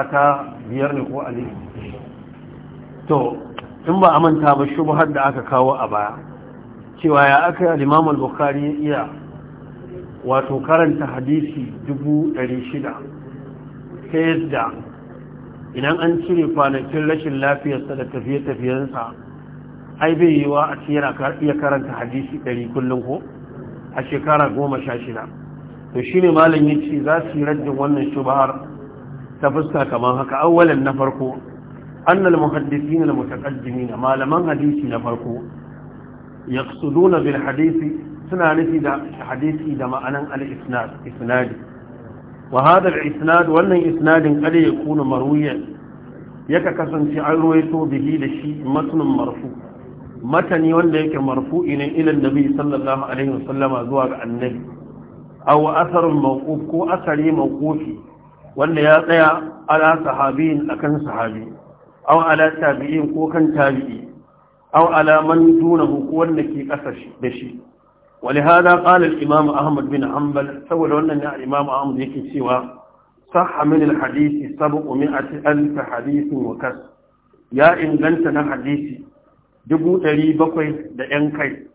aka biyar ne ko alif to in ba manta ba shubhar da aka kawo a baya cewa ya aka al-Imam al-Bukhari ya iya wato karanta hadisi 600 ta yadda idan an cire kwanakin rashin lafiyarsa da tafiye-tafiyensa ai bai yi wa a tsira ka iya karanta hadisi 100 kullum ko a shekara goma sha shida to shine malam yace za su yi raddin wannan shubhar ta fuska kamar haka awwalan na farko annal muhaddisin al na malaman hadisi na farko yaqsuduna bil hadisi suna nufi da hadisi da ma'anan al isnad isnadi wa wannan isnadin kada ya kuna Ya ka kasance an ruwaito bihi da shi matnun marfu matani wanda yake marfu'i ne ila bai sallallahu alaihi wasallama zuwa ga annabi aw asarun mawquf ko asari mawqufi wanda ya tsaya ala sahabiyin akan sahabi aw ala tabi'in ko kan tabi'i aw ala man dunahu ko wanda ke kasa da shi ولهذا قال الإمام أحمد بن حنبل سوى أن الإمام أحمد يكي سوى صح من الحديث سبق مئة ألف حديث وكس يا إن لنت حديثي دبو تري بقوي دا ينكي